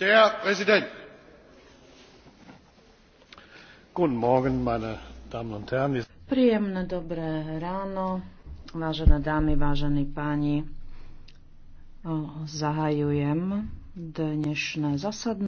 der präsident! príjemné dobré ráno vážené dámy vážení páni zahajujem dnešné zasadnutie.